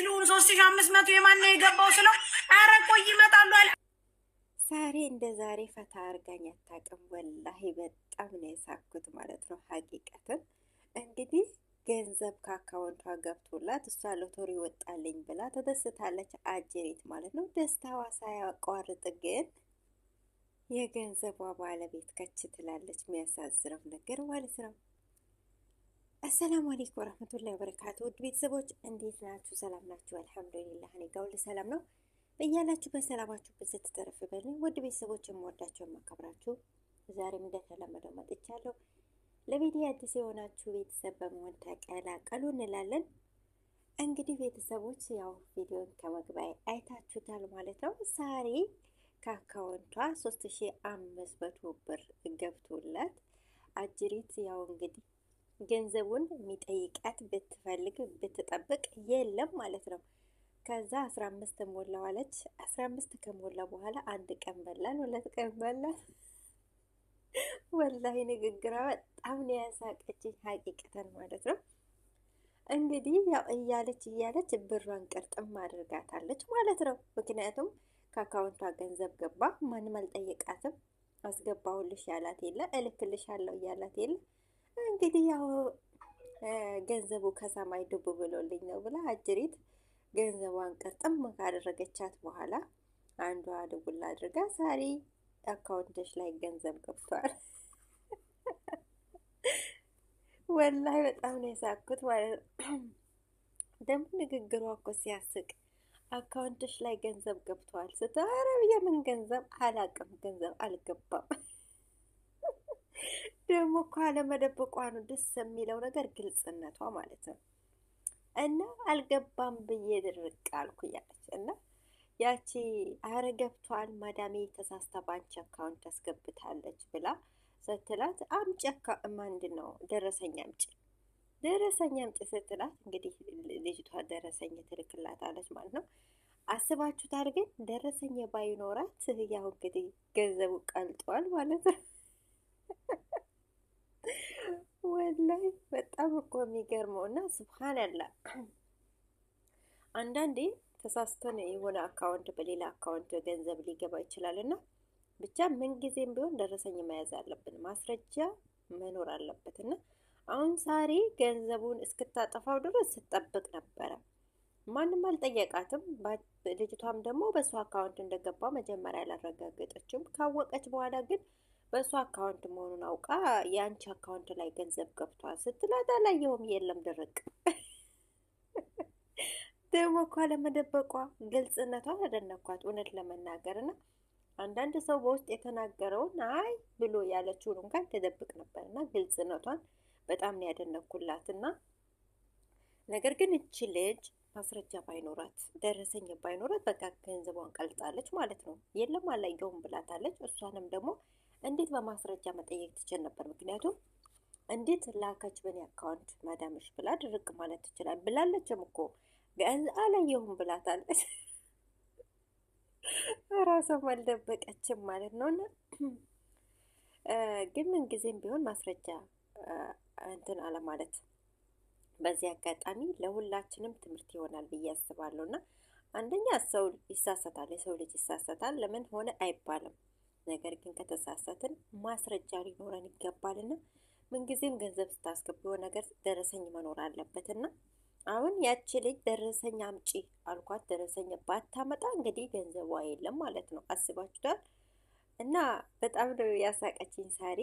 ክፍሉን ሶስት ሺ አምስት መቶ የማን የገባው ስለው አረ ቆይ ይመጣሉ አለ። ዛሬ እንደ ዛሬ ፈታ አርጋኝ አታውቅም። ወላሂ በጣም ነው የሳኩት ማለት ነው። ሀቂቀትን እንግዲህ ገንዘብ ከአካውንቷ ገብቶላት እሷ ሎተሪ ወጣልኝ ብላ ተደስታለች። አጀሪት ማለት ነው። ደስታዋ ሳያቋርጥ ግን የገንዘቧ ባለቤት ከች ትላለች። የሚያሳዝነው ነገር ማለት ነው። አሰላሙ አሌይኩም ወረህመቱላሂ ወበረካቱ። ውድ ቤተሰቦች እንዴት ናችሁ? ሰላም ናችሁ? አልሐምዱሊላህ እኔ ጋር ሁሉ ሰላም ነው። በያላችሁ በሰላማችሁ ብዝት ተረፍ በልኝ። ውድ ቤተሰቦች የምወዳችሁ የማከብራችሁ፣ ዛሬም እንደተለመደው መጥቻለሁ። ለቤቴ አዲስ የሆናችሁ ቤተሰብ በመሆን ተቀላቀሉ እንላለን። እንግዲህ ቤተሰቦች ያው ቪዲዮን ከመግቢያ አይታችሁታል ማለት ነው። ዛሬ ከአካውንቷ ሶስት ሺህ አምስት መቶ ብር ገብቶላት አጅሪት ያው እንግዲህ ገንዘቡን የሚጠይቃት ብትፈልግ ብትጠብቅ የለም ማለት ነው። ከዛ አስራ አምስት ሞላ ዋለች። አስራ አምስት ከሞላ በኋላ አንድ ቀን በላን፣ ሁለት ቀን በላን። ወላሂ ንግግሯ በጣም ነው ያሳቀችኝ፣ ሀቂቅተን ማለት ነው። እንግዲህ ያው እያለች እያለች ብሯን ቅርጥም አድርጋታለች ማለት ነው። ምክንያቱም ከአካውንቷ ገንዘብ ገባ፣ ማንም አልጠየቃትም። አስገባሁልሽ ያላት የለ፣ እልክልሻለሁ እያላት የለ እንግዲህ ያው ገንዘቡ ከሰማይ ዱብ ብሎልኝ ነው ብላ አጅሪት ገንዘቧን ቅርጥም ካደረገቻት በኋላ አንዷ ደውላ አድርጋ ሳሪ አካውንቶች ላይ ገንዘብ ገብቷል። ወላይ በጣም ነው የሳኩት ማለት ነው። ደግሞ ንግግሯ እኮ ሲያስቅ አካውንቶች ላይ ገንዘብ ገብቷል ስታረብ የምን ገንዘብ አላቅም ገንዘብ አልገባም ደግሞ እኮ አለመደበቋ ነው ደስ የሚለው ነገር ግልጽነቷ ማለት ነው። እና አልገባም ብዬ ድርቅ አልኩ እያለች እና ያቺ አረ ገብቷል ማዳሜ ተሳስታ ባንቺ አካውንት አስገብታለች ብላ ስትላት አምጪ ምንድን ነው ደረሰኝ አምጪ ደረሰኝ አምጪ ስትላት እንግዲህ ልጅቷ ደረሰኝ ትልክላታለች ማለት ነው። አስባችሁታል ግን ደረሰኝ ባይኖራት ያው እንግዲህ ገንዘቡ ቀልጧል ማለት ነው። ወላይ በጣም እኮ የሚገርመው እና ስብሓንላ አንዳንዴ ተሳስተን የሆነ አካውንት በሌላ አካውንት ገንዘብ ሊገባ ይችላል እና ብቻ ምንጊዜም ቢሆን ደረሰኝ መያዝ አለብን። ማስረጃ መኖር አለበት እና አሁን ሳሪ ገንዘቡን እስክታጠፋው ድረስ ስጠብቅ ነበረ። ማንም አልጠየቃትም። ልጅቷም ደግሞ በእሱ አካውንት እንደገባ መጀመሪያ አላረጋገጠችም። ካወቀች በኋላ ግን በእሱ አካውንት መሆኑን አውቃ የአንቺ አካውንት ላይ ገንዘብ ገብቷል ስትላት አላየሁም፣ የለም ድርቅ። ደግሞ እኮ ለመደበቋ ግልጽነቷን አደነኳት እውነት ለመናገር እና አንዳንድ ሰው በውስጥ የተናገረውን አይ ብሎ ያለችውን እንኳን ትደብቅ ነበር እና ግልጽነቷን በጣም ነው ያደነኩላት እና ነገር ግን እቺ ልጅ ማስረጃ ባይኖራት ደረሰኝ ባይኖራት በቃ ገንዘቧን ቀልጣለች ማለት ነው። የለም አላየውም ብላታለች። እሷንም ደግሞ እንዴት በማስረጃ መጠየቅ ትችል ነበር። ምክንያቱም እንዴት ላከች በኔ አካውንት ማዳመሽ ብላ ድርቅ ማለት ትችላል። ብላለችም እኮ ገንዝ አላየሁም ብላታለች። ራሷም አልደበቀችም ማለት ነው። እና ግን ምንጊዜም ቢሆን ማስረጃ እንትን አለ ማለት በዚህ አጋጣሚ ለሁላችንም ትምህርት ይሆናል ብዬ አስባለሁ። እና አንደኛ ሰው ይሳሰታል የሰው ልጅ ይሳሰታል ለምን ሆነ አይባልም። ነገር ግን ከተሳሳትን ማስረጃ ሊኖረን ይገባልና ምንጊዜም ገንዘብ ስታስገቡ ነገር ደረሰኝ መኖር አለበትና አሁን ያቺ ልጅ ደረሰኝ አምጪ አልኳት። ደረሰኝ ባታመጣ እንግዲህ ገንዘቧ የለም ማለት ነው። አስባችሁታል። እና በጣም ነው ያሳቀችኝ ሳሪ።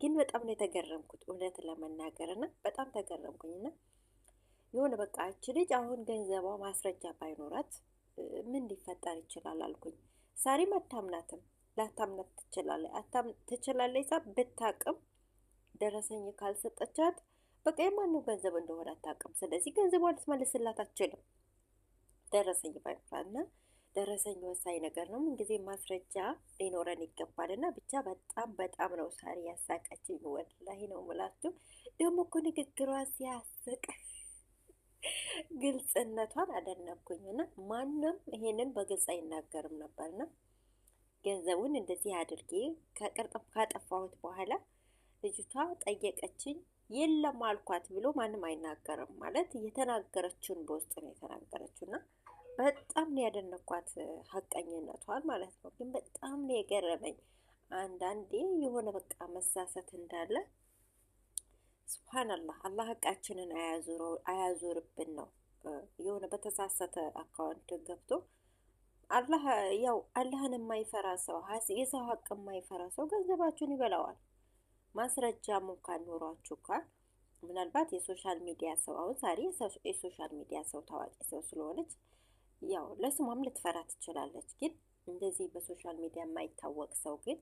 ግን በጣም ነው የተገረምኩት እውነት ለመናገር እና በጣም ተገረምኩኝና የሆነ በቃ ያቺ ልጅ አሁን ገንዘቧ ማስረጃ ባይኖራት ምን ሊፈጠር ይችላል አልኩኝ። ሳሪ መታምናትም ላታምናት ትችላለች። አታም ትችላለች ሳ ብታቅም ደረሰኝ ካልሰጠቻት በቃ የማነው ገንዘብ እንደሆነ አታቅም። ስለዚህ ገንዘብ ገንዘቧን ልትመልስላት አችልም። ደረሰኝ ባይባልና ደረሰኝ ወሳኝ ነገር ነው። ምንጊዜ ማስረጃ ሊኖረን ይገባል። እና ብቻ በጣም በጣም ነው ሳሪ ያሳቀችኝ። ወላሂ ነው የምላችሁ። ደግሞ እኮ ንግግሯ ሲያስቅ ግልጽነቷን አደነኩኝ። እና ማንም ይሄንን በግልጽ አይናገርም ነበርና ገንዘቡን እንደዚህ አድርጌ ካጠፋሁት በኋላ ልጅቷ ጠየቀችኝ። የለም አልኳት ብሎ ማንም አይናገርም። ማለት የተናገረችውን በውስጥ ነው የተናገረችው እና በጣም ነው ያደነኳት ሀቀኝነቷን ማለት ነው። ግን በጣም ነው የገረመኝ አንዳንዴ የሆነ በቃ መሳሰት እንዳለ ስብሓንላህ አላህ ሀቃችንን አያዞርብን ነው የሆነ በተሳሰተ አካውንት ገብቶ አላህ ያው አላህን የማይፈራ ሰው የሰው ሀቅ የማይፈራ ሰው ገንዘባችሁን ይበላዋል። ማስረጃ እንኳን ኖሯችሁ እንኳን ምናልባት የሶሻል ሚዲያ ሰው አሁን ዛሬ የሶሻል ሚዲያ ሰው ታዋቂ ሰው ስለሆነች ያው ለስሟም ልትፈራ ትችላለች። ግን እንደዚህ በሶሻል ሚዲያ የማይታወቅ ሰው ግን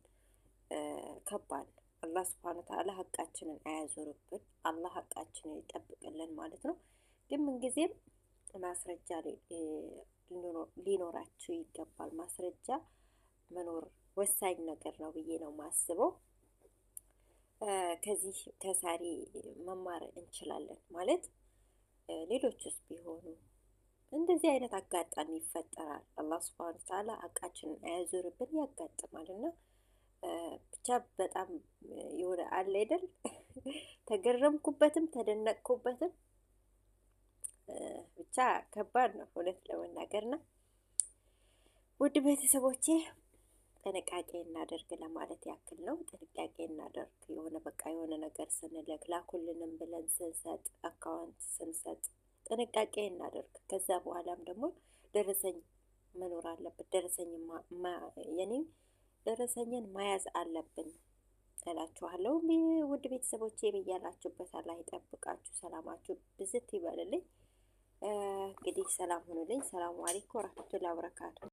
ከባድ አላህ ስብሐነ ተዓላ ሀቃችንን አያዞርብን። አላህ ሀቃችንን ይጠብቅልን ማለት ነው። ግን ምንጊዜም ማስረጃ ሊኖራችሁ ይገባል። ማስረጃ መኖር ወሳኝ ነገር ነው ብዬ ነው ማስበው። ከዚህ ከሳሪ መማር እንችላለን ማለት ሌሎችስ ቢሆኑ እንደዚህ አይነት አጋጣሚ ይፈጠራል። አላህ ስብሃነ ወተዓላ አቃችንን አያዞርብን ያጋጥማል እና ብቻ በጣም የሆነ አለ አይደል ተገረምኩበትም ተደነቅኩበትም ብቻ ከባድ ነው እውነት ለመናገርና ውድ ቤተሰቦቼ ጥንቃቄ እናደርግ ለማለት ያክል ነው። ጥንቃቄ እናደርግ የሆነ በቃ የሆነ ነገር ስንልክ ላኩልንም ብለን ስንሰጥ አካውንት ስንሰጥ ጥንቃቄ እናደርግ። ከዛ በኋላም ደግሞ ደረሰኝ መኖር አለብን። ደረሰኝ የኔ ደረሰኝን መያዝ አለብን እላችኋለሁ። ውድ ቤተሰቦቼ ብያላችሁበት አላህ ይጠብቃችሁ፣ ሰላማችሁ ብዝት ይበልልኝ። እንግዲህ ሰላም ሁኑልኝ። ሰላሙ አለይኩም ወረህመቱላሂ ወበረካቱ